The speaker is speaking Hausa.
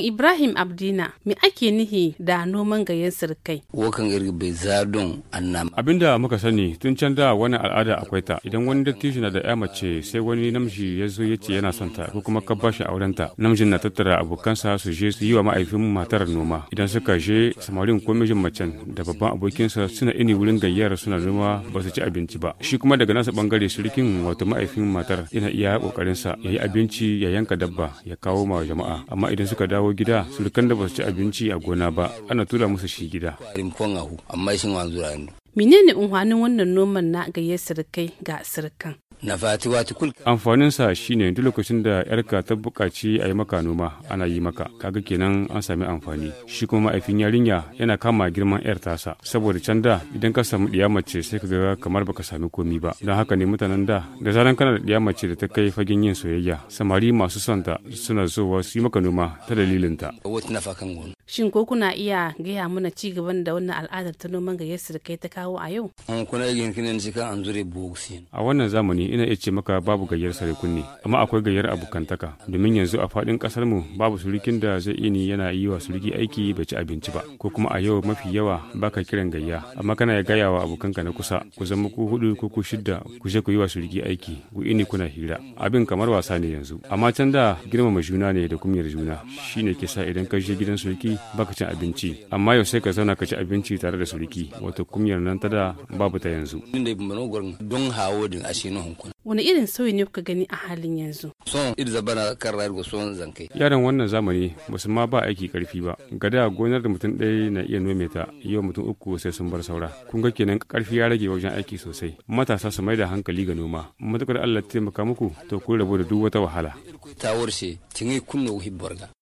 Shin Ibrahim Abdina me ake nihi da noman gayen sirkai? Wakan irbe zadon da Abinda muka sani tun can da wani al'ada akwai ta idan wani dattijo na da ya mace sai wani namiji ya zo ya ce yana son ta ko kuma ka bashi auren ta namijin na tattara abokansa su je su yi wa ma'aifin matar noma idan suka je samarin ko mijin macen da babban abokinsa suna ini wurin gayyar suna noma ba su ci abinci ba shi kuma daga nasa bangare surikin wato ma'aifin matar yana iya kokarin sa yayi abinci ya yanka dabba ya kawo ma jama'a amma idan suka dawo kawo gida surukan da ba su ci abinci a gona ba ana tura musu shi gida menene unhwanin wannan noman na gayyar sirikai ga sirikan amfanin amfaninsa shine duk lokacin da yarka ta buƙaci a yi maka noma ana yi maka kaga kenan an sami amfani shi kuma mahaifin yarinya yana kama girman yar tasa saboda can da idan ka samu ɗiya mace sai ka ga kamar baka sami komi ba don haka ne mutanen da da zaran kana da ɗiya mace da ta kai fagen yin soyayya samari masu son ta suna zuwa su yi maka noma ta dalilinta shin ko kuna iya gaya mana ci gaban da wannan al'adar ta noman gayyar kai ta kawo a yau a wannan zamani ina iya ce maka babu gayyar sarikun ne amma akwai gayyar abokantaka domin yanzu a faɗin ƙasar mu babu surukin da zai ni yana yi wa suruki aiki bai ci abinci ba ko kuma a yau mafi yawa baka kiran gayya amma kana ya gaya wa abokanka na kusa ku zama ku hudu ko ku shidda ku je ku yi wa suruki aiki ku ini kuna hira abin kamar wasa ne yanzu amma can da girmama juna ne da kumiyar juna shine ke sa idan ka je gidan suruki baka cin abinci amma yau sai ka zauna ka ci abinci tare da suriki wato kumyar nan ta da babu ta yanzu wani irin sauyi ne kuka gani a halin yanzu yaran wannan zamani basu ma ba aiki karfi ba gada gonar da mutum ɗaya na iya nome ta yau mutum uku sai sun bar saura kun ga kenan karfi ya rage wajen aiki sosai matasa su mai da hankali ga noma matukar Allah taimaka muku to ku rabu da duk wata wahala ta warshe tinai kunna wuhibbarga